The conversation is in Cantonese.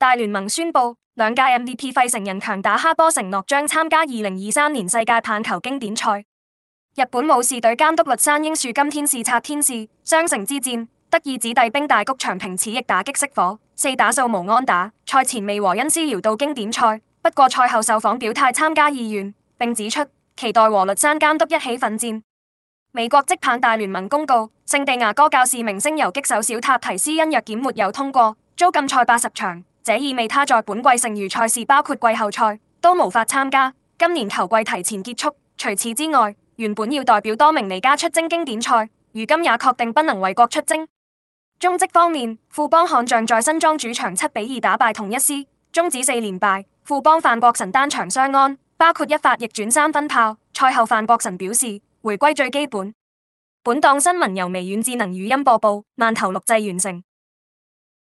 大聯盟宣布，兩屆 MVP 費城人強打哈波承諾將參加二零二三年世界棒球經典賽。日本武士隊監督栗山英樹今天視察天使雙城之戰，得意子弟兵大谷翔平此役打擊熄火，四打數無安打。賽前未和恩師聊到經典賽，不過賽後受訪表態參加意願，並指出期待和栗山監督一起奮戰。美國職棒大聯盟公告聖地牙哥教士明星游擊手小塔提斯因藥檢沒有通過，遭禁賽八十場。這意味他在本季剩餘賽事，包括季後賽，都無法參加，今年球季提前結束。除此之外，原本要代表多明尼加出征經典賽，如今也確定不能為國出征。中職方面，富邦悍將在新莊主場七比二打敗同一師，終止四連敗。富邦范國臣單場相安，包括一發逆轉三分炮。賽後范國臣表示，回歸最基本。本檔新聞由微軟智能語音播報，曼頭錄製完成。